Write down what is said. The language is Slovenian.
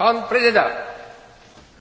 On prededa.